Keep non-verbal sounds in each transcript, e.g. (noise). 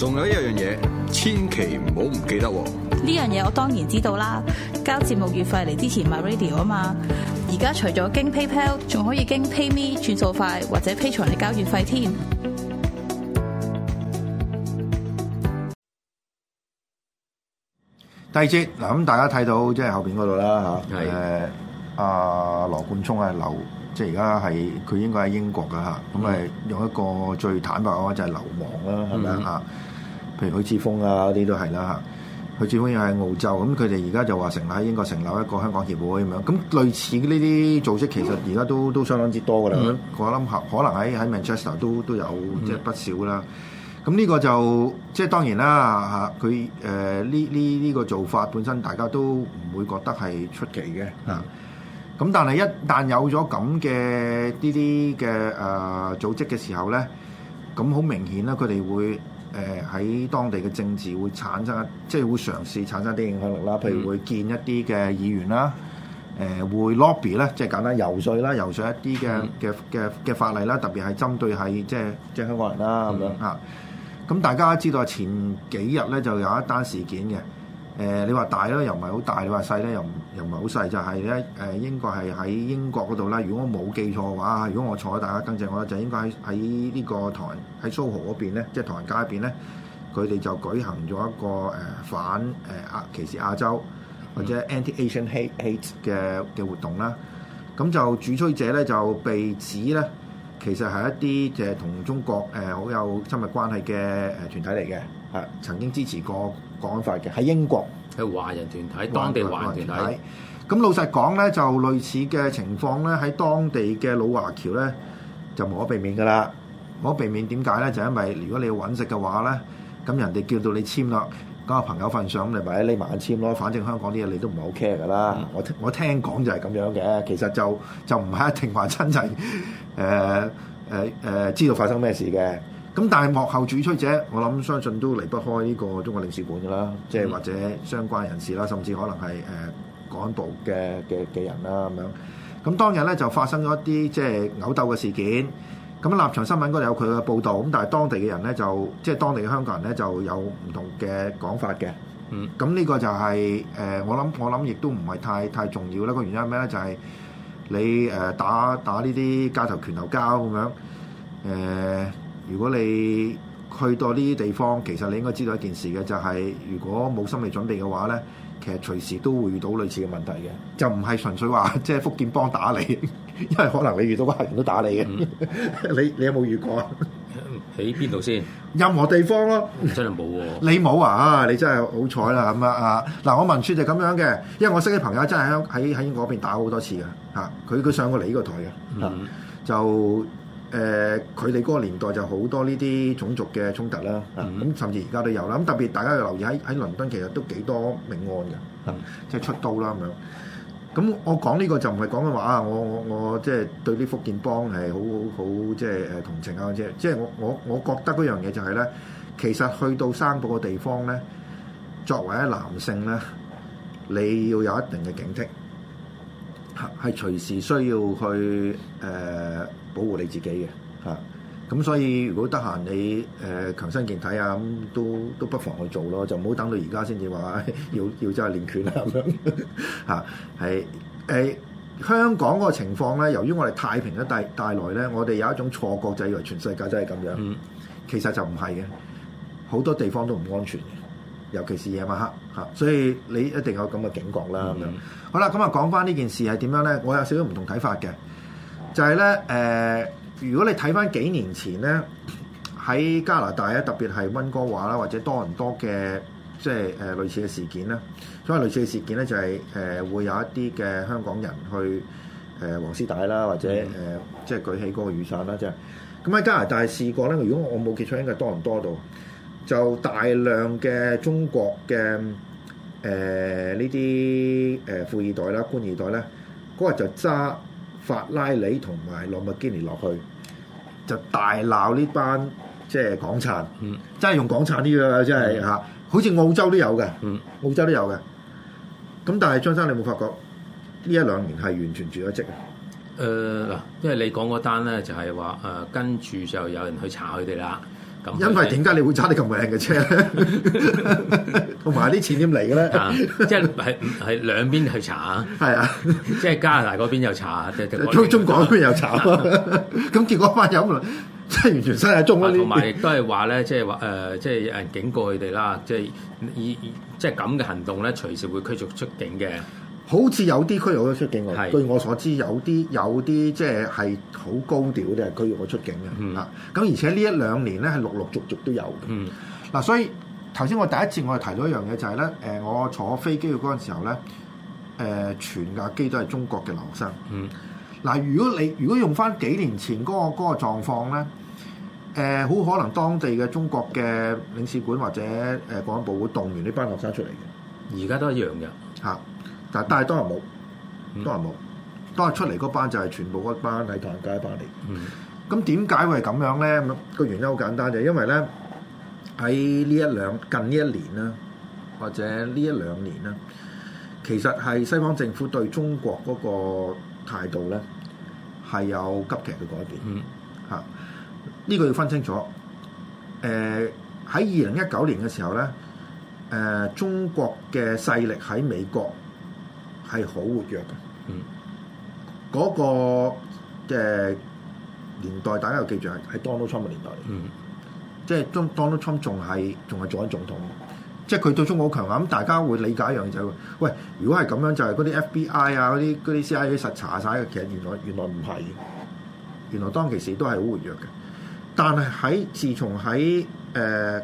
仲有一樣嘢，千祈唔好唔記得喎！呢樣嘢我當然知道啦，交節目月費嚟支持 MyRadio 啊嘛！而家除咗經 PayPal，仲可以經 PayMe 轉數快，或者 Patreon 嚟交月費添。第二節嗱，咁大家睇到即係、就是、後邊嗰度啦嚇，誒阿是是、呃、羅冠聰啊流，即係而家係佢應該喺英國噶嚇，咁咪、嗯、用一個最坦白嘅話就係、是、流亡啦，咁咪吧啊？譬如許智峰啊，嗰啲都係啦嚇。許智峰又喺澳洲，咁佢哋而家就話成立喺英國，成立一個香港協會咁樣。咁類似呢啲組織，其實而家都都相當之多噶啦。嗯、我諗可能喺喺 Manchester 都都有即係、就是、不少啦。咁呢、嗯、個就即係、就是、當然啦嚇，佢誒呢呢呢個做法本身大家都唔會覺得係出奇嘅，咁、嗯啊、但係一旦有咗咁嘅呢啲嘅誒組織嘅時候咧，咁好明顯啦，佢哋會。誒喺、呃、當地嘅政治會產生，即係會嘗試產生啲影響力啦。譬如會見一啲嘅議員啦，誒、呃、會 lobby 咧，即係簡單游説啦，游説一啲嘅嘅嘅嘅法例啦，特別係針對係即係即係香港人啦咁樣嚇。咁、嗯吧嗯、大家知道前幾日咧就有一單事件嘅。誒你話大咧又唔係好大，你話細咧又唔又唔係好細，就係咧誒英國係喺英國嗰度啦。如果我冇記錯嘅話，如果我錯，大家更正我啦。就應該喺喺呢個台喺蘇豪嗰邊咧，即係唐人街嗰邊咧，佢哋就舉行咗一個誒反誒亞歧視亞洲或者 anti-Asian hate hate 嘅嘅活動啦。咁、嗯、就主催者咧就被指咧，其實係一啲誒同中國誒好有親密關係嘅誒團體嚟嘅。係曾經支持過國安法嘅，喺英國，喺華人團體，當地華人團體。咁老實講咧，就類似嘅情況咧，喺當地嘅老華僑咧，就冇可避免噶啦。冇可避免點解咧？就因為如果你要揾食嘅話咧，咁人哋叫到你簽啦，嗰個朋友份上，你咪匿埋一簽咯。反正香港啲嘢你都唔係好 care 㗎啦。我我聽講就係咁樣嘅，其實就就唔係一定話真係誒誒誒知道發生咩事嘅。咁但係幕後主催者，我諗相信都離不開呢個中國領事館㗎啦，即係或者相關人士啦，甚至可能係誒、呃、港獨嘅嘅嘅人啦咁樣。咁當日咧就發生咗一啲即係毆鬥嘅事件。咁《立場新聞》嗰度有佢嘅報導。咁但係當地嘅人咧就，即係當地嘅香港人咧就有唔同嘅講法嘅。嗯。咁呢個就係、是、誒、呃，我諗我諗亦都唔係太太重要啦。個原因係咩咧？就係、是、你誒、呃、打打呢啲街頭拳頭交咁樣誒。呃如果你去到呢啲地方，其實你應該知道一件事嘅、就是，就係如果冇心理準備嘅話咧，其實隨時都會遇到類似嘅問題嘅，就唔係純粹話即係福建幫打你，因為可能你遇到個客人都打、嗯、 (laughs) 你嘅。你你有冇遇過啊？喺邊度先？任何地方咯。真係冇喎。你冇啊？啊，你真係好彩啦咁啊！嗱，我文書就咁樣嘅，因為我識嘅朋友真係喺喺喺英國嗰邊打好多次嘅嚇，佢、啊、佢上過你呢個台嘅、啊嗯、就。誒，佢哋嗰個年代就好多呢啲種族嘅衝突啦，咁、嗯嗯、甚至而家都有啦。咁特別，大家要留意喺喺倫敦，其實都幾多命案㗎、嗯，即係出刀啦咁樣，咁我講呢個就唔係講嘅話啊，我我我即係、就是、對啲福建幫係好好好即係同情啊，即係即我我我覺得嗰樣嘢就係、是、咧，其實去到生埗嘅地方咧，作為一男性咧，你要有一定嘅警惕，係隨時需要去誒。呃保護你自己嘅嚇，咁、啊、所以如果得閒你誒、呃、強身健體啊，咁都都不妨去做咯，就唔好等到而家先至話要要真係練拳啦、啊、咁樣嚇，係、啊、誒、欸、香港個情況咧，由於我哋太平咧帶帶來咧，我哋有一種錯覺就以為全世界都係咁樣，嗯、其實就唔係嘅，好多地方都唔安全嘅，尤其是夜晚黑嚇、啊，所以你一定有咁嘅警覺啦咁、嗯、樣。好啦，咁啊講翻呢件事係點樣咧？我有少少唔同睇法嘅。就係咧，誒、呃，如果你睇翻幾年前咧，喺加拿大咧，特別係溫哥華啦，或者多倫多嘅，即係誒類似嘅事件啦。所謂類似嘅事件咧就係、是、誒、呃、會有一啲嘅香港人去誒、呃、黃絲帶啦，或者誒即係舉起嗰個雨傘啦，即係咁喺加拿大試過咧。如果我冇記錯應該係多倫多度，就大量嘅中國嘅誒呢啲誒富二代啦、官二代咧，嗰日就揸法拉利同埋羅密基尼落去，就大鬧呢班即係港產，嗯、真係用港產啲㗎啦，真、就、係、是嗯、好似澳洲都有嘅，嗯、澳洲都有嘅。咁但係張生你有冇發覺呢一兩年係完全絕咗職啊？誒嗱、呃，因為你講嗰單咧就係話誒跟住就有人去查佢哋啦。因為點解你會揸啲咁靚嘅車呢，同埋啲錢點嚟嘅咧？即係係係兩邊去查，係啊，即係 (laughs) 加拿大嗰邊又查，即係中國嗰邊又查 (laughs) 中中港嗰邊又查，咁 (laughs) (laughs) 結果一班人即係完全失咗蹤嗰，同埋亦都係話咧，即係話誒，即係有人警告佢哋啦，即係以即係咁嘅行動咧，隨時會驅逐出境嘅。好似有啲區域我出境外，是據我所知有啲有啲即係係好高調嘅啲係區域我出境嘅，咁、嗯、而且呢一兩年咧係陸陸續續都有，嗱、嗯、所以頭先我第一次我係提到一樣嘢就係、是、咧我坐飛機嘅嗰陣時候咧、呃、全架機都係中國嘅留學生，嗱、嗯、如果你如果用翻幾年前嗰、那個狀況、那個、狀況咧，好、呃、可能當地嘅中國嘅領事館或者誒國安部會動員啲班學生出嚟嘅，而家都一樣嘅。但係，但係，當日冇，當日冇，當日出嚟嗰班就係全部嗰班係唐人街嗰班嚟。咁點解會係咁樣咧？咁個原因好簡單嘅，就係因為咧喺呢一兩近呢一年啦，或者呢一兩年啦，其實係西方政府對中國嗰個態度咧係有急劇嘅改變。嚇，呢個要分清楚。誒喺二零一九年嘅時候咧，誒中國嘅勢力喺美國。係好活躍嘅，嗯，嗰個嘅年代大家要記住係 Donald Trump 嘅年代，嗯，即係 Donald Trump 仲係仲係做緊總統，即係佢對中國好強硬，咁大家會理解一樣嘢就係、是，喂，如果係咁樣就係嗰啲 FBI 啊嗰啲啲 CIA 實查晒嘅，其實原來原來唔係原來當其時都係好活躍嘅，但係喺自從喺誒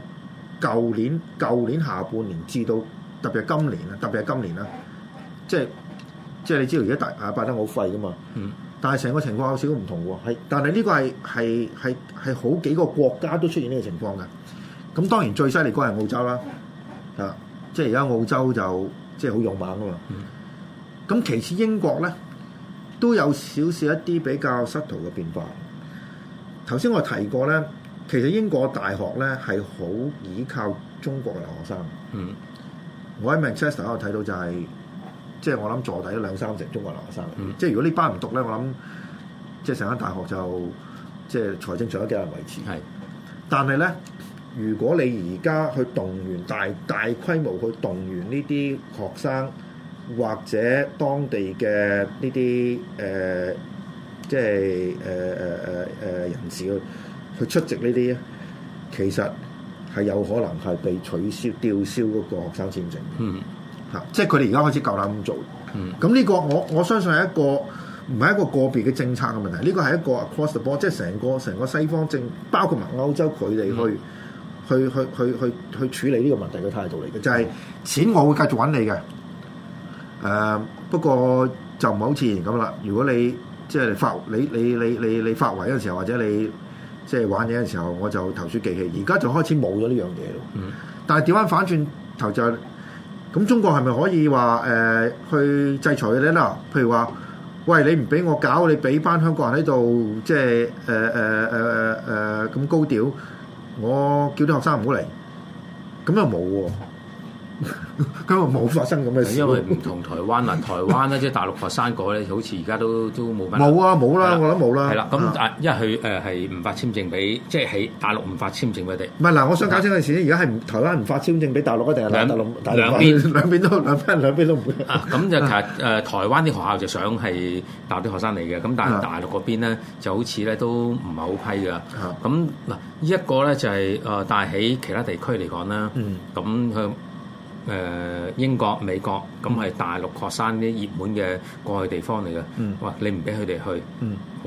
舊年舊年下半年至到特別係今年啊，特別係今年啦。即係即係，你知道而家大啊，拜登好廢噶嘛？嗯。但係成個情況有少少唔同喎，係，但係呢個係係係係好幾個國家都出現呢個情況嘅。咁當然最犀利嗰係澳洲啦，啊，即係而家澳洲就即係好勇猛噶嘛。咁、嗯、其次英國咧都有少少一啲比較 subtle 嘅變化。頭先我提過咧，其實英國大學咧係好倚靠中國嘅學生。嗯。我喺 Manchester 我睇到就係、是。即係我諗坐底都兩三成中國留學生，嗯、即係如果呢班唔讀咧，我諗即係成間大學就即係財政上都幾難維持。係，但係咧，如果你而家去動員大大規模去動員呢啲學生，或者當地嘅呢啲誒，即係誒誒誒誒人士去去出席呢啲咧，其實係有可能係被取消吊銷嗰個學生簽證。嗯。即係佢哋而家開始夠膽咁做，咁呢個我我相信係一個唔係一個個別嘅政策嘅問題，呢個係一個 across the board，即係成個成個西方政，包括埋歐洲佢哋去、嗯、去去去去去處理呢個問題嘅態度嚟嘅，就係、是、錢我會繼續揾你嘅，誒、呃、不過就唔好似咁啦。如果你即係發你你你你你發圍嗰陣時候，或者你即係玩嘢嘅時候，我就投鼠忌器。而家就開始冇咗呢樣嘢咯，嗯、但係調翻反轉頭就咁中國係咪可以話誒、呃、去制裁佢咧？嗱，譬如話，喂，你唔俾我搞，你俾班香港人喺度即係誒誒誒誒誒咁高調，我叫啲學生唔好嚟，咁又冇喎。佢話冇發生咁嘅事，因為唔同台灣啊，台灣咧即係大陸學生嗰咧，好似而家都都冇翻。冇啊，冇啦，我諗冇啦。係啦，咁但係因為佢誒係唔發簽證俾，即係喺大陸唔發簽證俾佢哋。唔係嗱，我想搞清楚事，而家係台灣唔發簽證俾大陸一定係兩邊兩邊都兩邊兩邊都唔會。咁就其實誒台灣啲學校就想係大陸啲學生嚟嘅，咁但係大陸嗰邊咧就好似咧都唔係好批㗎。咁嗱，呢一個咧就係誒，但係喺其他地區嚟講啦。咁佢。誒英國、美國咁係大陸學生啲熱門嘅過去地方嚟嘅，嗯、哇！你唔俾佢哋去，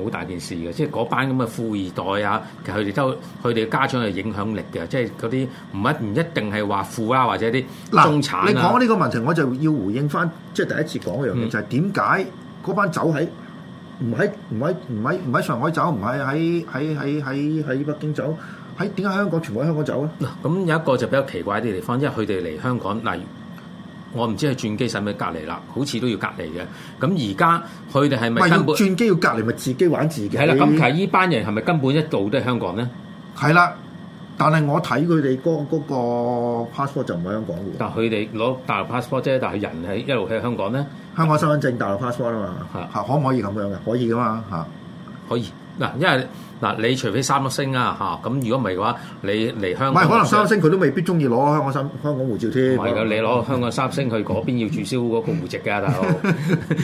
好大件事嘅。即係嗰班咁嘅富二代啊，其實佢哋都佢哋家長係影響力嘅，即係嗰啲唔一唔一定係話富啦，或者啲中產啊。你講呢個問題，我就要回應返，即係第一次講一樣嘢，就係點解嗰班走喺唔喺唔喺唔喺唔喺上海走，唔喺喺喺喺喺喺北京走？喺點解香港全部喺香港走咧？嗱，咁有一個就比較奇怪啲地方，因為佢哋嚟香港，嗱，我唔知係轉機使唔使隔離啦，好似都要隔離嘅。咁而家佢哋係咪根本轉機要隔離，咪自己玩自己？係啦，咁其實依班人係咪根本一度都喺香港咧？係啦，但係我睇佢哋嗰個 passport、嗰個、就唔係香港嘅。但係佢哋攞大陸 passport 啫，但係人係一路喺香港咧。香港身份證、大陸 passport 啊嘛。嚇嚇的，可唔可以咁樣嘅？可以㗎嘛嚇，可以。嗱，因為嗱，你除非三星啊嚇，咁如果唔係嘅話，你嚟香港，可能三星佢都未必鍾意攞香港三香港護照添。係不但你攞香港三星去嗰邊要註銷嗰個戶籍㗎，大佬。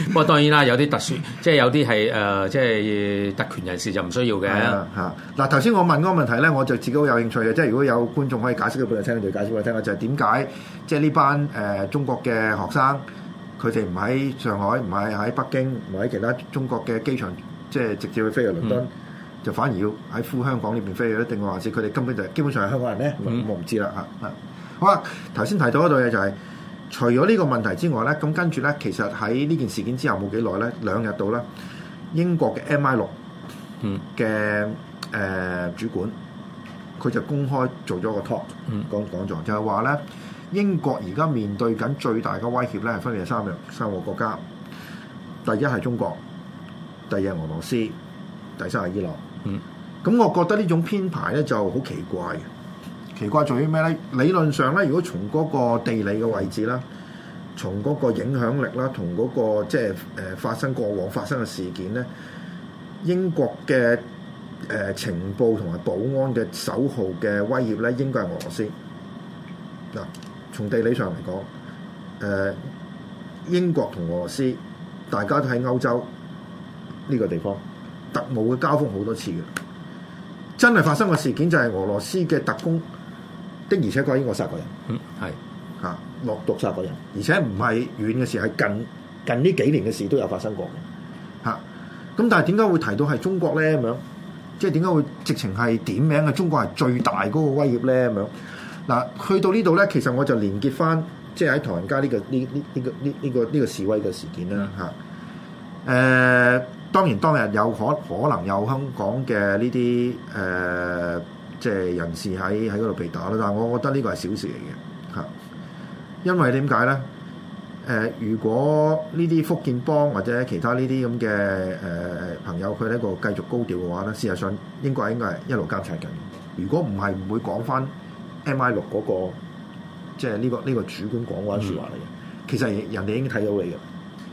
不過當然啦，有啲特殊，即係有啲係誒，即係特權人士就唔需要嘅嚇。嗱頭先我問嗰個問題咧，我就自己好有興趣嘅，即係如果有觀眾可以解釋俾我聽，就解釋俾我聽啦，就係點解即係呢班誒、呃、中國嘅學生，佢哋唔喺上海，唔係喺北京，唔喺其他中國嘅機場。即係直接去飛去倫敦，嗯、就反而要喺赴香港呢邊飛去。一定話係佢哋根本就係基本上係香港人咧，嗯、我唔知啦嚇啊。嗯、好啦，頭先提到嗰度嘢就係、是，除咗呢個問題之外咧，咁跟住咧，其實喺呢件事件之後冇幾耐咧，兩日到咧，英國嘅 MI 六嘅誒主管，佢就公開做咗個 talk、嗯、講講座，就係話咧，英國而家面對緊最大嘅威脅咧，係分別係三樣三個國家，第一係中國。第二係俄羅斯，第三係伊朗。咁、嗯、我覺得呢種編排咧就好奇怪嘅。奇怪在於咩咧？理論上咧，如果從嗰個地理嘅位置啦，從嗰個影響力啦，同嗰、那個即係誒發生過往發生嘅事件咧，英國嘅誒、呃、情報同埋保安嘅首號嘅威脅咧，應該係俄羅斯。嗱，從地理上嚟講，誒、呃、英國同俄羅斯大家都喺歐洲。呢個地方特務嘅交鋒好多次嘅，真係發生個事件就係俄羅斯嘅特工的，而且確係英國殺過人，嗯，係嚇落毒殺過人，而且唔係遠嘅事，係近近呢幾年嘅事都有發生過嘅嚇。咁但係點解會提到係中國咧？咁樣即係點解會直情係點名係中國係最大嗰個威脅咧？咁樣嗱，去到這裏呢度咧，其實我就連結翻即係喺唐人街呢、這個呢呢呢個呢呢、這個呢、這個這個示威嘅事件啦嚇，誒、嗯。當然，當日有可可能有香港嘅呢啲誒，即、呃、係、就是、人士喺喺嗰度被打啦。但係我覺得呢個係小事嚟嘅嚇，因為點解咧？誒、呃，如果呢啲福建幫或者其他呢啲咁嘅誒朋友佢呢個繼續高調嘅話咧，事實上英國應該係一路監察緊。如果唔係唔會講翻 M I 六嗰個，即係呢個呢、這個主管講嗰啲説話嚟嘅。嗯、其實人哋已經睇到你嘅，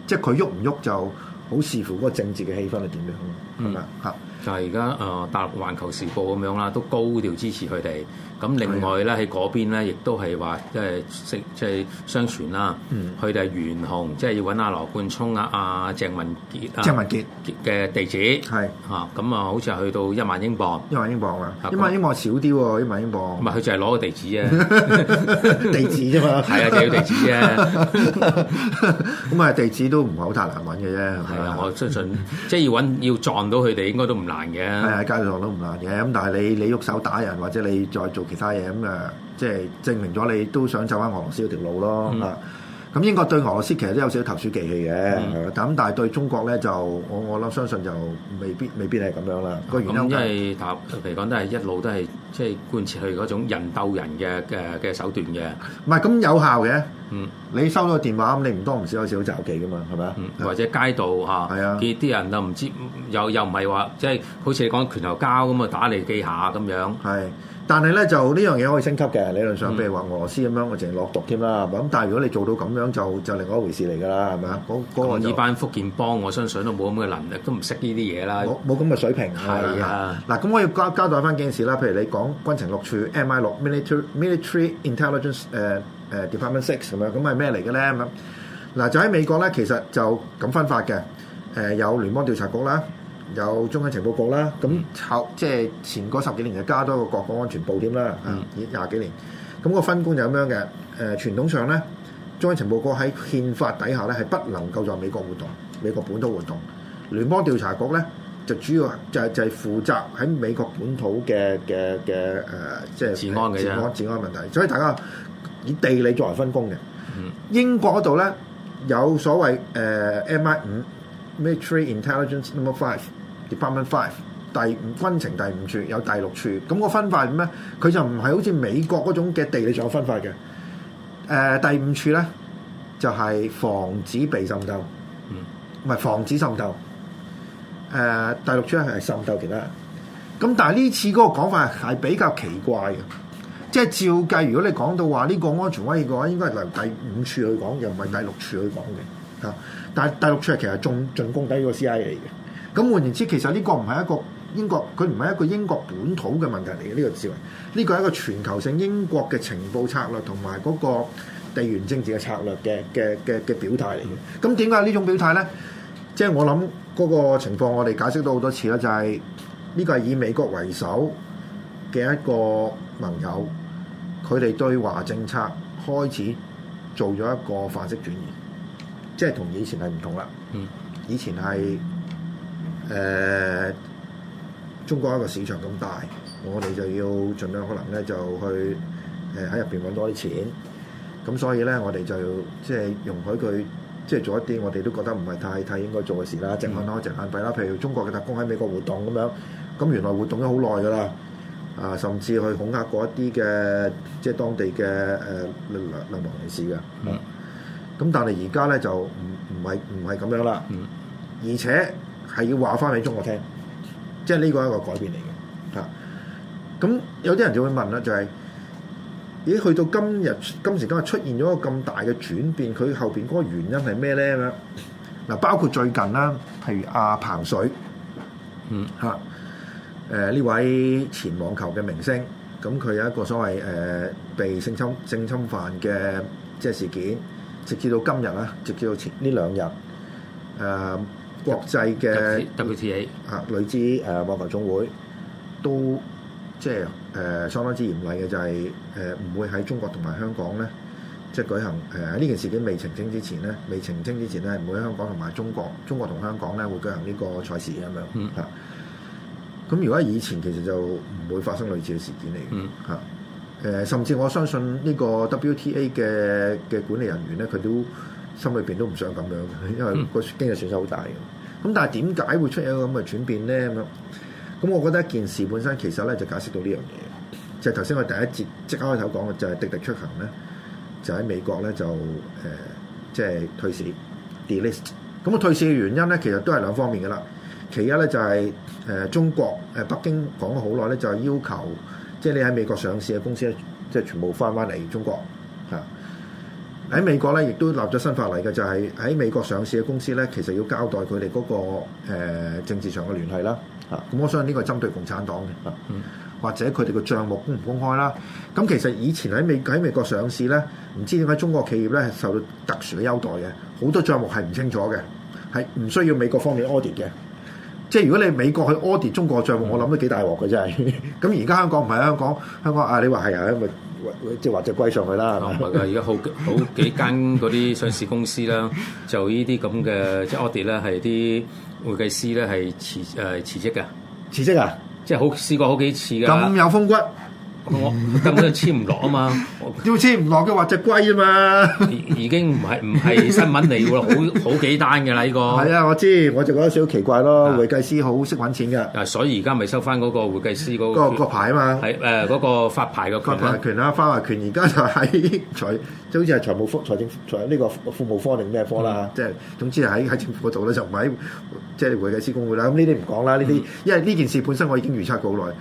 即係佢喐唔喐就。好視乎嗰個政治嘅氣氛係點樣啊？嗯啊，嚇吧。就係而家誒，大陸環球時報咁樣啦，都高調支持佢哋。咁另外咧，喺嗰的邊咧，亦都係話即係即係相傳啦。佢哋係懸紅，即、就、係、是、要揾阿羅冠聰啊、阿鄭文傑啊。鄭文傑嘅、啊、地址係嚇，咁啊的、嗯，好似係去到一萬英鎊，一萬英鎊啊，一萬那英鎊少啲喎，一萬英鎊。唔係，佢就係攞個地址啊， (laughs) 地址啫而嘛。 (laughs) (laughs) 係啊，就要地址啫。咁啊，地址都唔係好太難揾嘅啫。係啊，我相信 (laughs) 即係要揾要撞到佢哋，應該都唔難。難嘅，係啊，街道上都唔難嘅，咁但係你你喐手打人或者你再做其他嘢，咁啊，即係證明咗你都想走翻俄羅斯嗰條路咯，啊，咁英國對俄羅斯其實都有少少投鼠忌器嘅，但咁但係對中國咧就我我諗相信就未必未必係咁樣啦，個原因因為，譬如講都係一路都係即係貫徹佢嗰種人鬥人嘅嘅嘅手段嘅，唔係咁有效嘅。嗯、你收到電話咁，你唔多唔少有少少襲擊噶嘛，係咪啊？或者街道嚇，係啊，啲啲人又唔知，又又唔係話即係好似你講拳頭交咁啊，打你幾下咁樣。係，但係咧就呢樣嘢可以升級嘅理論上。譬、嗯、如話俄羅斯咁樣我只，我淨係落毒添啦。咁但係如果你做到咁樣就，就就另外一回事嚟噶啦，係咪啊？嗰嗰、嗯嗰個、班福建幫，我相信都冇咁嘅能力，都唔識呢啲嘢啦，冇冇咁嘅水平。係啊，嗱、啊，咁我要交交代翻幾件事啦。譬如你講軍情六處，MI 六，Military Military Intelligence，誒、呃。誒 department six 咁樣，咁係咩嚟嘅咧？咁嗱就喺美國咧，其實就咁分法嘅。誒有聯邦調查局啦，有中央情報局啦，咁後即係前嗰十幾年就加多個國防安全部添啦。嗯。廿幾年，咁個分工就咁樣嘅。誒傳統上咧，中央情報局喺憲法底下咧係不能夠在美國活動，美國本土活動。聯邦調查局咧就主要就係就係負責喺美國本土嘅嘅嘅誒，即係治安嘅治安治安問題。所以大家。以地理作為分工嘅，英國嗰度咧有所謂誒、呃、MI 五，Military Intelligence Number Five，Department Five，第五軍情第五處有第六處，咁、嗰個分法係咩？佢就唔係好似美國嗰種嘅地理仲有分法嘅。誒、呃、第五處咧就係、是、防止被滲透，唔係、嗯、防止滲透。誒、呃、第六處咧係滲透其他。咁但係呢次嗰個講法係比較奇怪嘅。即係照計，如果你講到話呢個安全威脅嘅話，應該係由第五處去講，又唔係第六處去講嘅嚇。但係第六處其實仲進攻緊呢個 C.I.A 嘅。咁換言之，其實呢個唔係一個英國，佢唔係一個英國本土嘅問題嚟嘅。呢、呢個視呢個係一個全球性英國嘅情報策略同埋嗰個地緣政治嘅策略嘅嘅嘅嘅表態嚟嘅。咁點解呢種表態咧？即、就、係、是、我諗嗰個情況，我哋解釋到好多次啦，就係、是、呢個係以美國為首嘅一個盟友。佢哋對華政策開始做咗一個範式轉移，即係同以前係唔同啦。以前係誒、呃、中國一個市場咁大，我哋就要儘量可能咧就去誒喺入邊揾多啲錢。咁所以咧，我哋就要即係容許佢即係做一啲我哋都覺得唔係太太應該做嘅事啦，淨揾多隻眼閉啦。譬如中國嘅特工喺美國活動咁樣，咁原來活動咗好耐㗎啦。啊，甚至去恐嚇嗰一啲嘅即係當地嘅誒流流亡人士嘅。咁但係而家咧就唔唔係唔係咁樣啦。嗯。而且係要話翻俾中國聽，即係呢個係一個改變嚟嘅。嚇、啊。咁有啲人就會問啦，就係、是，咦？去到今日今時今日出現咗一個咁大嘅轉變，佢後邊嗰個原因係咩咧咁樣？嗱、啊，包括最近啦，譬如阿、啊、彭水，嗯嚇。啊誒呢、呃、位前網球嘅明星，咁佢有一個所謂、呃、被性侵性侵犯嘅即係事件，直至到今日直至到前呢兩日，誒、呃、國際嘅 WTA 啊女子誒網球總會都即係誒、呃、相當之嚴厲嘅，就係誒唔會喺中國同埋香港咧，即係舉行誒喺呢件事件未澄清之前咧，未澄清之前咧，唔會喺香港同埋中國、中國同香港咧會舉行呢個賽事咁樣、嗯咁如果以前其實就唔會發生類似嘅事件嚟嘅、嗯、甚至我相信呢個 WTA 嘅嘅管理人員咧，佢都心裏面都唔想咁樣，因為個經濟損失好大嘅。咁但係點解會出咗一個咁嘅轉變咧？咁我覺得一件事本身其實咧，就解釋到呢樣嘢，就頭、是、先我第一節即刻開頭講嘅就係滴滴出行咧，就喺美國咧就即係、就是、退市 delist。咁 Del 啊退市嘅原因咧其實都係兩方面嘅啦。其一咧就係誒中國誒北京講咗好耐咧，就係、是、要求即係、就是、你喺美國上市嘅公司咧，即、就、係、是、全部翻翻嚟中國啊。喺美國咧，亦都立咗新法例嘅，就係、是、喺美國上市嘅公司咧，其實要交代佢哋嗰個、呃、政治上嘅聯繫啦。咁的我相信呢個係針對共產黨嘅，的或者佢哋嘅帳目公唔公開啦。咁其實以前喺美喺美國上市咧，唔知點解中國企業咧係受到特殊嘅優待嘅，好多帳目係唔清楚嘅，係唔需要美國方面 audit 嘅。即係如果你美國去 audit 中國賬戶，我諗都幾大鑊嘅真係。咁而家香港唔係香港，香港你話係啊，你話係啊，咪，即係或者歸上去啦。而家好好幾間嗰啲上市公司啦， (laughs) 就呢啲咁嘅即係 audit 咧係啲會計師咧係辭誒辭職嘅。辭職啊？即係好試過好幾次㗎。咁有風骨。我根本就簽唔落啊嘛！ (laughs) 要簽唔落嘅話，隻龜啊嘛！已經唔係唔係新聞嚟喎， (laughs) 好好幾單嘅啦呢個。係啊，我知，我就覺得少少奇怪咯。啊、會計師好識揾錢㗎、啊。所以而家咪收翻嗰個會計師嗰個牌啊嘛。係誒，嗰、呃嗰個發牌嘅權啦，權啦，發牌權。而家就喺財即好似係財務科、財政、財呢、呢個服務科定咩科啦、嗯？即係總之係喺喺政府度咧，就唔喺即係會計師公會啦。咁呢啲唔講啦，呢啲，因為呢件事本身我已經預測好耐。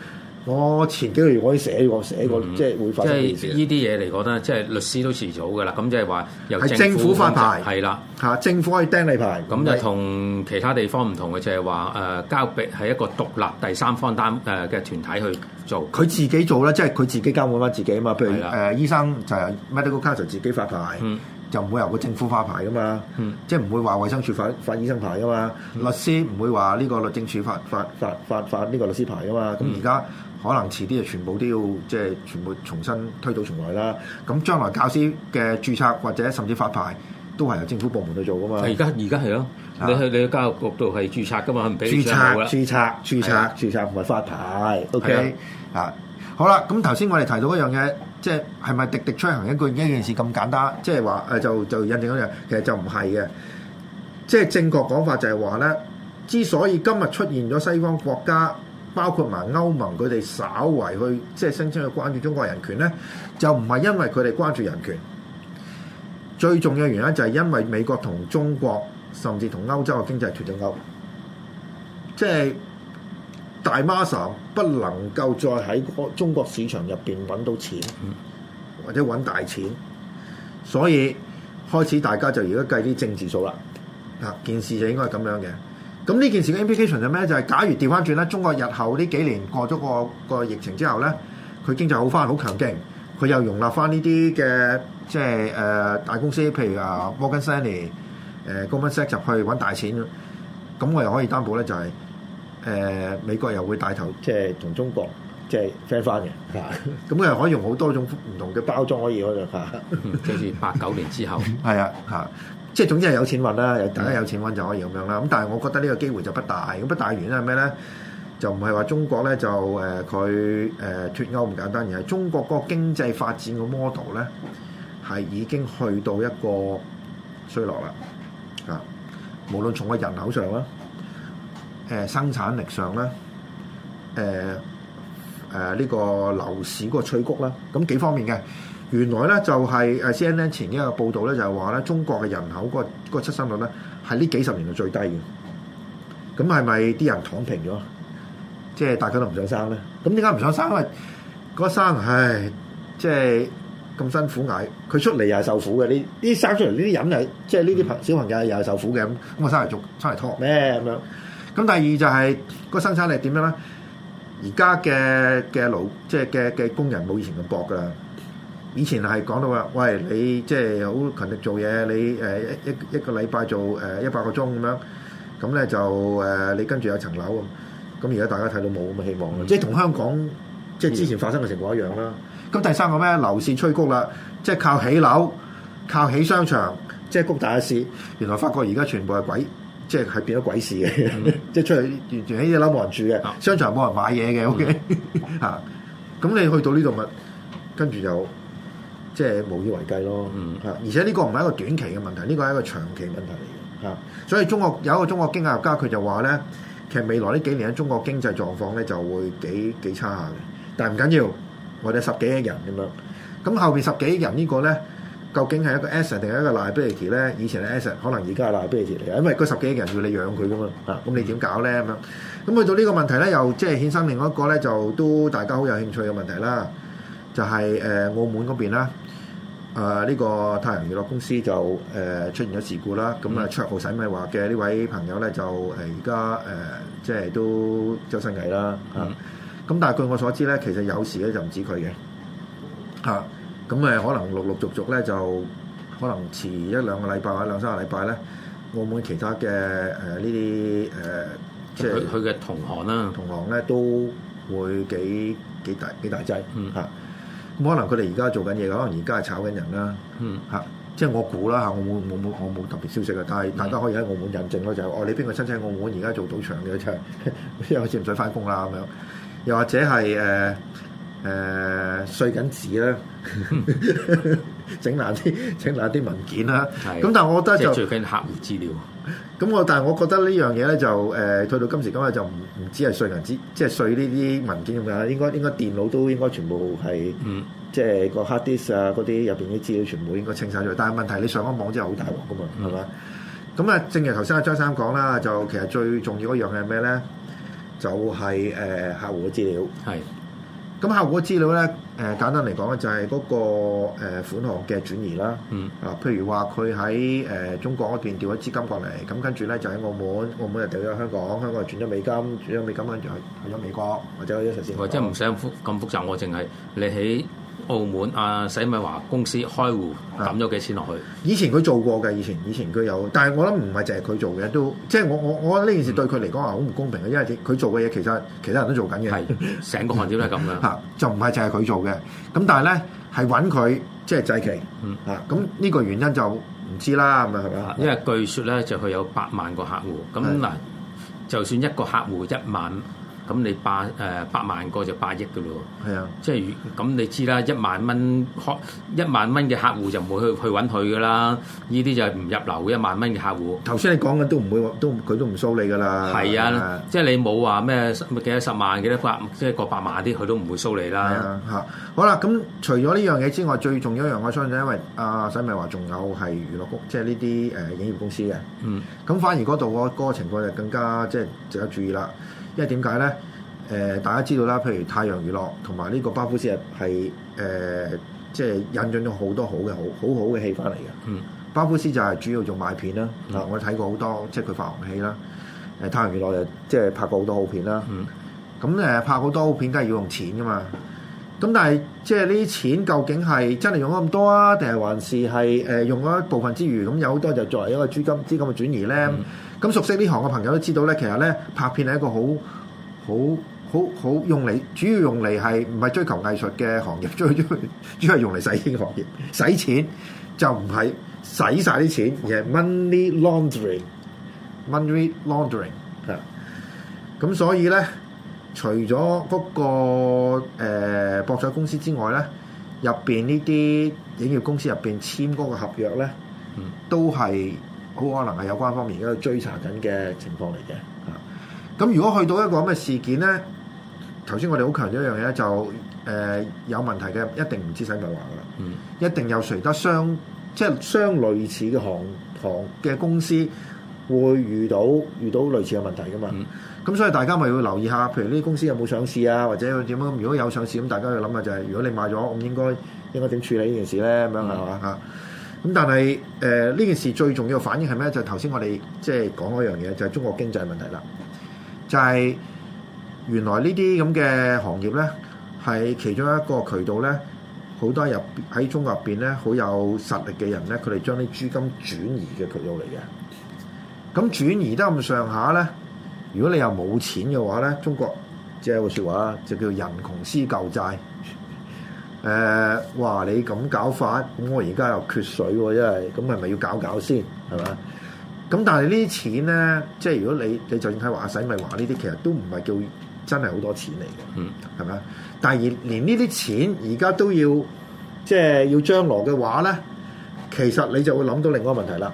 我、哦、前幾個月我寫過寫過即係會發生即係呢啲嘢嚟講咧，即係律師都遲早噶啦。咁即係話由政府發牌，係啦政府，了、啊、政府可以釘你牌。咁就同其他地方唔同嘅，就係、是、話、呃、交俾係一個獨立第三方擔嘅、呃、團體去做。佢自己做咧，即係佢自己監管翻自己啊嘛。譬如誒的、呃、醫生就係、是、medical council 自己發牌。嗯就唔會由個政府發牌噶嘛，嗯、即係唔會話衞生署發發醫生牌噶嘛，嗯、律師唔會話呢個律政處發發發發發呢個律師牌噶嘛。咁而家可能遲啲就全部都要即係全部重新推倒重來啦。咁將來教師嘅註冊或者甚至發牌都係由政府部門去做噶嘛、啊啊、嘛。而家而家係咯，你去你嘅教育局度係註冊噶嘛，唔俾註冊好了 註冊註冊、啊、註冊唔係發牌。O、okay、K 啊，啊，好啦，咁頭先我哋提到一樣嘢。即係，係咪滴滴出行一句一件事咁簡單？即係話，誒就就印證咗樣，其實就唔係嘅。即係正確講法就係話咧，之所以今日出現咗西方國家，包括埋歐盟佢哋稍為去即係聲稱去關注中國人權咧，就唔係因為佢哋關注人權。最重要嘅原因就係因為美國同中國甚至同歐洲嘅經濟脱咗鈎，即係。大媽嬸不能夠再喺中國市場入邊揾到錢，或者揾大錢，所以開始大家就而家計啲政治數啦。嗱，件事就應該係咁樣嘅。咁呢件事嘅 implication 係咩？就係假如調翻轉咧，中國日後呢幾年過咗個個疫情之後咧，佢經濟好翻，好強勁，佢又容納翻呢啲嘅即係誒大公司，譬如啊摩根士丹利、誒高盛集團入去揾大錢，咁我又可以擔保咧，就係、是。誒、呃、美國又會帶頭，即係同中國即係 share 翻嘅，咁又 (laughs) 可以用好多種唔同嘅包裝可以嗰度嚇，即是、 (laughs) 嗯、八九年之後，係啊嚇，即係總之係有錢揾啦，大家有錢揾就可以咁樣啦。咁但係我覺得呢個機會就不大，咁不大原因係咩咧？就唔係話中國咧就誒佢誒脫歐唔簡單的，而係中國嗰個經濟發展嘅 model 咧係已經去到一個衰落啦，啊，無論從個人口上啦。誒生產力上咧，誒誒呢個樓市嗰個脆谷啦，咁幾方面嘅。原來咧就係誒 C N N 前幾日報道咧，就係話咧中國嘅人口嗰個出生率咧係呢幾十年度最低嘅。咁係咪啲人躺平咗？即係大家都唔想生咧。咁點解唔想生啊？嗰生唉，即係咁辛苦捱，佢出嚟又係受苦嘅。呢啲生出嚟呢啲飲又即係呢啲小朋友又係受苦嘅。咁咁我生嚟做生嚟拖咩咁樣？咁第二就係個生產力點樣咧？而家嘅嘅老即係嘅嘅工人冇以前咁搏㗎喇。以前係講到話，喂你即係好勤力做嘢，你誒、呃、一一一個禮拜做誒一百個鐘咁樣，咁咧就誒、呃、你跟住有層樓咁。咁而家大家睇到冇咁嘅希望啦。即係同香港即係、就是、之前發生嘅情況一樣啦。咁、嗯、第三個咩樓市催谷啦，即、就、係、是、靠起樓、靠起商場，即、就、係、是、谷大嘅市。原來發覺而家全部係鬼。即係變咗鬼事嘅，嗯、即係出去完全喺呢隻樓冇人住嘅，嗯、商場冇人買嘢嘅，OK 嚇、嗯。咁 (laughs) 你去到呢度咪跟住就即係無以為繼咯。嚇、嗯，而且呢個唔係一個短期嘅問題，呢個係一個長期問題嚟嘅。嚇，所以中國有一個中國經濟學家佢就話咧，其實未來呢幾年咧，中國經濟狀況咧就會幾幾差下嘅。但係唔緊要，我哋十幾億人咁樣，咁後面十幾億人呢個呢個咧。究竟係一個 a s e t 定係一個 liability 咧？以前咧 a s e t 可能而家係 liability 嚟，嘅，因為嗰十幾億人要你養佢噶嘛嚇，咁、啊、你點搞咧咁樣？咁去到呢個問題咧，又即係衍生另外一個咧，就都大家好有興趣嘅問題啦，就係、是、誒、呃、澳門嗰邊啦，誒、呃、呢、這個太陽娛樂公司就誒、呃、出現咗事故啦，咁啊卓 h 使咪 l 嘅呢位朋友咧就誒而家誒即係都周身危啦嚇，咁但係據我所知咧，其實有事咧就唔止佢嘅嚇。啊咁誒可能陸陸續續咧就可能遲一兩個禮拜或者兩三個禮拜咧，澳門其他嘅誒呢啲誒，即係佢嘅同行啦，同行咧都會幾幾大幾大劑，嗯咁可能佢哋而家做緊嘢，可能而家係炒緊人啦，啊、嗯、啊、即係我估啦嚇，我冇冇冇我冇特別消息嘅，但係大家可以喺澳門認證咯，嗯、就係、是、哦，你邊個親戚喺澳門而家做賭場嘅，即係又或者唔使翻工啦咁樣，又或者係誒。呃誒，呃、碎緊紙啦，整嗱啲，整嗱啲文件啦。咁的但係我覺得就，就最近客戶資料，咁我但係我覺得呢樣嘢咧就誒、呃，退到今時今日就唔唔只係碎嗱啲，即係碎呢啲文件咁樣應該應該電腦都應該全部係，嗯、即係個 hard disk 啊嗰啲入面啲資料全部應該清晒咗。但係問題你上個網真係好大鑊噶嘛，係咪咁啊，嗯、正如頭先阿張三講啦，就其實最重要一樣嘢係咩咧？就係、是、誒、呃，客戶嘅資料咁效果資料咧，誒簡單嚟講咧，就係嗰個款項嘅轉移啦。嗱、嗯，譬如話佢喺中國嗰邊調咗資金過嚟，咁跟住咧就喺澳門，澳門就調咗香港，香港就轉咗美金，轉咗美金跟住去去咗美國，或者去咗瑞士。或者唔使咁複咁複雜，我淨係你喺。澳門啊，洗米華公司開戶抌咗幾錢落去以？以前佢做過嘅。以前以前佢有，但係我諗唔係淨係佢做嘅，都即係我我我覺得呢件事對佢嚟講係好唔公平嘅，因為佢做嘅嘢其實其他人都做緊嘅，係成個行業都係咁嘅嚇，就唔係淨係佢做嘅。咁但係咧係揾佢即係債期嚇，咁呢、嗯啊、個原因就唔知啦，咁係咪啊？因為據說咧就佢有八萬個客戶，咁嗱，就算一個客戶一萬。咁你八誒、呃、百萬個就八億噶咯喎，係啊，即係咁、嗯、你知啦，一萬蚊一萬蚊嘅客戶就唔會去去揾佢噶啦，呢啲就唔入流一萬蚊嘅客戶。頭先你講嘅都唔會，都佢都唔收你噶啦。係啊，啊即係你冇話咩幾多十萬幾多百，即係過百萬啲，佢都唔會收你啦、啊啊。好啦，咁除咗呢樣嘢之外，最重要一樣我相信，因為阿、啊、洗米華仲有係娛樂谷，即係呢啲誒影業公司嘅。嗯。咁反而嗰度個情況就更加即係值得注意啦。因為點解咧？誒、呃，大家知道啦，譬如太陽娛樂同埋呢個巴夫斯係誒，即、呃、係、就是、引進咗好多好嘅好好好嘅戲翻嚟嘅。嗯，巴夫斯就係主要做賣片啦。嗱、嗯，我睇過好多即係佢發行戲啦。誒、呃，太陽娛樂就即係拍過好多好片啦。嗯，咁誒拍好多好片，梗係、嗯、要用錢㗎嘛。咁但係即係呢啲錢究竟係真係用咗咁多啊，定係還是係誒用咗一部分之餘，咁有好多就作為一個資金資金嘅轉移咧。咁、嗯、熟悉呢行嘅朋友都知道咧，其實咧拍片係一個好好好好用嚟，主要用嚟係唔係追求藝術嘅行業，主要主要係用嚟洗錢嘅行業，洗錢就唔係洗晒啲錢，而係 laund (laughs) money laundering，money laundering 咁 (laughs) 所以咧。除咗嗰、那個、呃、博彩公司之外咧，入邊呢啲影業公司入邊簽嗰個合約咧，嗯，都係好可能係有關方面而家追查緊嘅情況嚟嘅。嚇，咁如果去到一個咁嘅事件咧，頭先我哋好強調一樣嘢就誒、呃、有問題嘅一定唔知洗唔洗話噶啦，嗯，一定有誰得相即係相類似嘅行行嘅公司會遇到遇到類似嘅問題噶嘛。嗯咁所以大家咪要留意下，譬如呢啲公司有冇上市啊，或者點樣？如果有上市，咁大家要諗下，就係，如果你買咗，咁應該應該點處理呢件事咧？咁樣係嘛？咁但係誒呢件事最重要嘅反應係咩？就係頭先我哋即係講嗰樣嘢，就係中國經濟問題啦。就係原來呢啲咁嘅行業咧，係其中一個渠道咧，好多入喺中國入邊咧，好有實力嘅人咧，佢哋將啲資金轉移嘅渠道嚟嘅。咁轉移得咁上下咧？如果你又冇錢嘅話咧，中國即係有個説話啦，就叫人窮思舊債。誒、呃，哇！你咁搞法，咁我而家又缺水喎，因為，咁係咪要搞搞先？係咪？咁但係呢啲錢咧，即係如果你，你就算睇話阿洗米華呢啲，其實都唔係叫真係好多錢嚟嘅，嗯，係咪？但係連連呢啲錢而家都要即係要張羅嘅話咧，其實你就會諗到另外一個問題啦，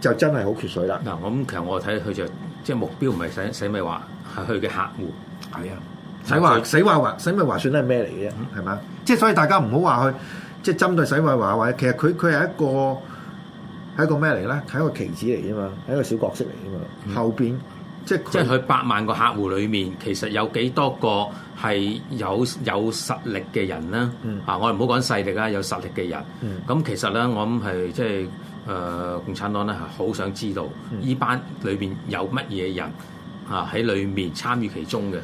就真係好缺水啦。嗱、嗯，咁其實我睇佢就。即係目標唔係洗洗米華，係佢嘅客戶，係啊，洗話洗話話洗米華算得係咩嚟嘅啫？係嘛？即係所以大家唔好話去即係針對洗米華話，其實佢佢係一個係一個咩嚟咧？係一個棋子嚟嘅嘛，係一個小角色嚟嘅嘛。嗯、後邊即係即係佢百萬個客戶裏面，其實有幾多個係有有實力嘅人咧？啊，我哋唔好講勢力啦，有實力嘅人、嗯啊、人。咁、嗯、其實咧，我諗係即係。誒、呃、共產黨咧，好想知道依班裏面有乜嘢人喺裏面參與其中嘅。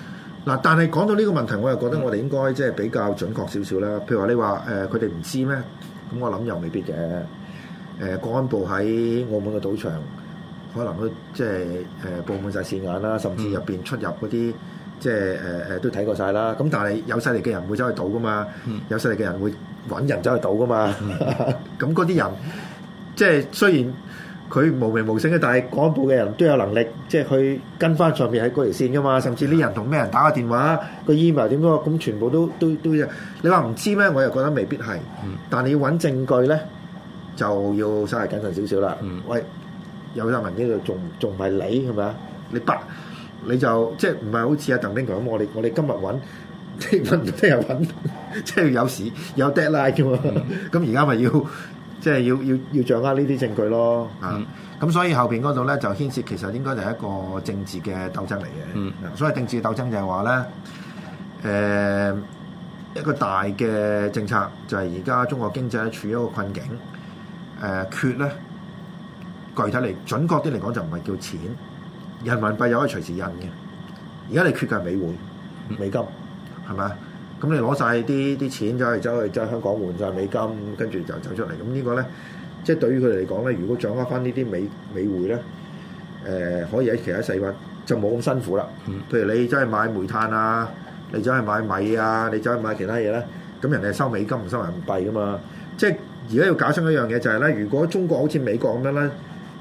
嗱、嗯，但係講到呢個問題，我又覺得我哋應該即係比較準確少少啦。譬如話你話佢哋唔知咩？咁我諗又未必嘅。誒、呃、公安部喺澳門嘅賭場，可能都即係誒佈滿曬線眼啦，甚至入面出入嗰啲、嗯、即係、呃、都睇過晒啦。咁但係有勢力嘅人會走去賭㗎嘛？嗯、有勢力嘅人會搵人走去賭㗎嘛？咁嗰啲人。即係雖然佢無名無聲嘅，但係公安部嘅人都有能力，即係去跟翻上，上面喺嗰條線噶嘛。甚至啲人同咩人打個電話，個 email 點樣，咁全部都都都，都你話唔知咩？我又覺得未必係。但你要揾證據咧，就要稍為謹慎少少啦。嗯、喂，有新聞呢度仲仲唔係你係咪啊？你不？你就即係唔係好似阿鄧丁強咁？我哋我哋今日揾，聽日揾，即係、嗯、有事有 deadline 嘅嘛。咁而家咪要。即係要要要掌握呢啲證據咯，嗯、啊，咁所以後邊嗰度咧就牽涉其實應該就係一個政治嘅鬥爭嚟嘅，嗯、所謂政治鬥爭就係話咧，誒、呃、一個大嘅政策就係而家中國經濟咧處於一個困境，誒、呃、缺咧，具體嚟準確啲嚟講就唔係叫錢，人民幣又可以隨時印嘅，而家你缺嘅係美匯，嗯、美金是，係咪？咁你攞曬啲啲錢走去走去香港換晒美金，跟住就走出嚟。咁呢個咧，即係對於佢哋嚟講咧，如果掌握翻呢啲美美匯咧、呃，可以喺其他細品就冇咁辛苦啦。譬如你走去買煤炭啊，你走去買米啊，你走去買其他嘢咧，咁人哋收美金唔收人民幣噶嘛。即係而家要搞清一樣嘢就係咧，如果中國好似美國咁樣咧，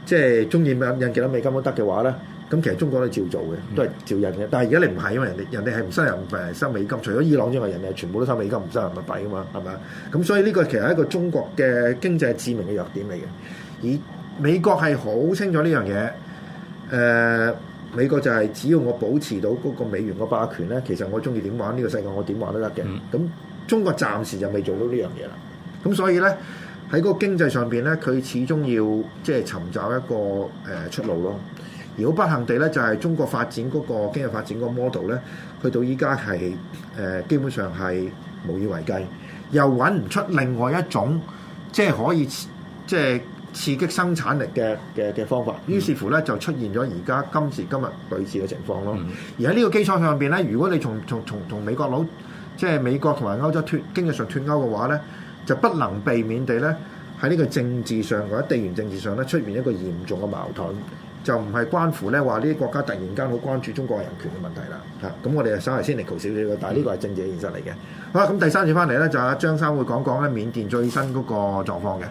即係中意印印幾多美金都得嘅話咧。咁其實中國都係照做嘅，都係照印嘅。但係而家你唔係，因為人哋人哋係唔收人誒收美金，除咗伊朗之外，人哋係全部都收美金，唔收人民幣嘅嘛，係咪？咁所以呢個其實係一個中國嘅經濟致命嘅弱點嚟嘅。而美國係好清楚呢樣嘢，誒、呃、美國就係只要我保持到嗰個美元個霸權咧，其實我中意點玩呢、呢個世界，我點玩都得嘅。咁、嗯、中國暫時就未做到呢樣嘢啦。咁所以咧，喺嗰個經濟上邊咧，佢始終要即係尋找一個誒、呃、出路咯。如果不幸地咧，就係中國發展嗰個經濟發展嗰個 model 咧，去到依家係誒基本上係無以為繼，又揾唔出另外一種即係可以即係刺激生產力嘅嘅嘅方法，於是乎咧就出現咗而家今時今日類似嘅情況咯。而喺呢個基礎上邊咧，如果你從從從同美國佬即係美國同埋歐洲脫經濟上脫鈎嘅話咧，就不能避免地咧喺呢個政治上或者地緣政治上咧出現一個嚴重嘅矛盾。就唔係關乎咧話呢啲國家突然間好關注中國人權嘅問題啦，咁是我哋啊稍微嚟 c 少少嘅，嗯、但呢個係政治現實嚟嘅。好啦，咁第三段翻嚟咧，就阿、是、張生會講講咧緬甸最新嗰個狀況嘅。